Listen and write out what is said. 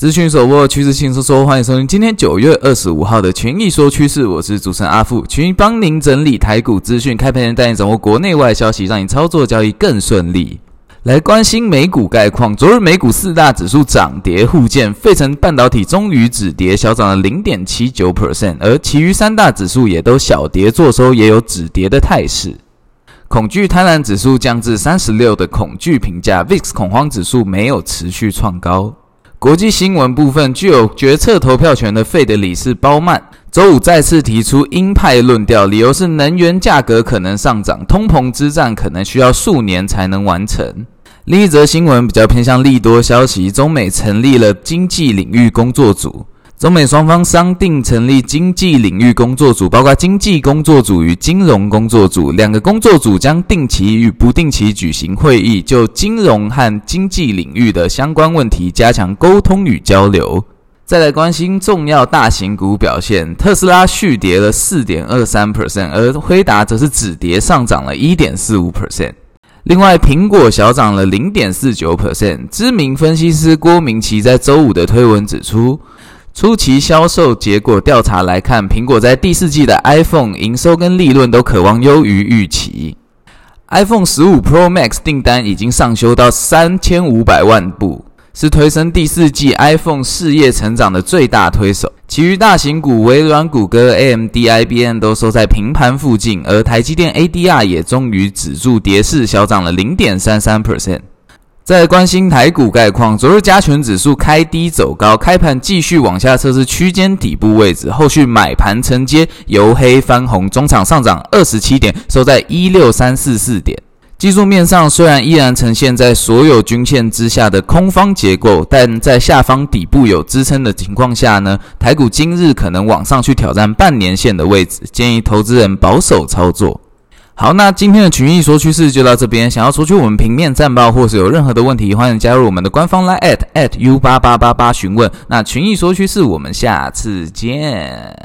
資訊一手握，趨勢輕鬆說，歡迎收聽今天九月二十五號的《群益說趨勢》，我是主持人阿富。群益幫您整理台股資訊，開盤前帶你掌握國內外消息，讓你操作交易更順利。來關心美股概況，昨日美股四大指數漲跌互見，費城半導體終於止跌，小漲了零點七九 percent，而其餘三大指數也都小跌做收，也有止跌的態勢。恐懼貪婪指數降至三十六的恐懼評價，VIX 恐慌指數沒有持續創高。國際新聞部分，具有決策投票權的 Fed 理事鮑曼周五再次提出鷹派論調，理由是能源價格可能上漲，通膨之戰可能需要數年才能完成。另一則新聞比較偏向利多消息，中美成立了經濟領域工作組。中美雙方商定成立經濟領域工作組，包括經濟工作組與金融工作組兩個工作組將定期與不定期舉行會議，就金融和經濟領域的相關問題加強溝通與交流。再來關心重要大型股表現，特斯拉續跌了四點二三 percent，而輝達則是止跌上漲了一點四五 percent。另外，蘋果小漲了零點四九 percent。知名分析師郭明錤在周五的推文指出，初期銷售結果調查來看，蘋果在第四季的 iPhone 營收跟利潤都可望優於預期。iPhone 15 Pro Max 訂單已經上修到三千五百萬部，是推升第四季 iPhone 事業成長的最大推手。其餘大型股微軟、谷歌、AMD、IBM 都收在平盤附近，而台積電 ADR 也終於止住跌勢，小漲了零點三三 percent。再關心台股概況，昨日加權指數開低走高，開盤繼續往下測試區間底部位置，後續買盤承接由黑翻紅，中場上漲二十七點，收在一六三四四點。技術面上雖然依然呈現在所有均線之下的空方結構，但在下方底部有支撐的情況下呢，台股今日可能往上去挑戰半年線的位置，建議投資人保守操作。好，那今天的群益說趨勢就到這邊。想要索取我們平面戰報，或是有任何的問題，歡迎加入我們的官方 LINE at at u 八八八八詢問。那群益說趨勢，我們下次見。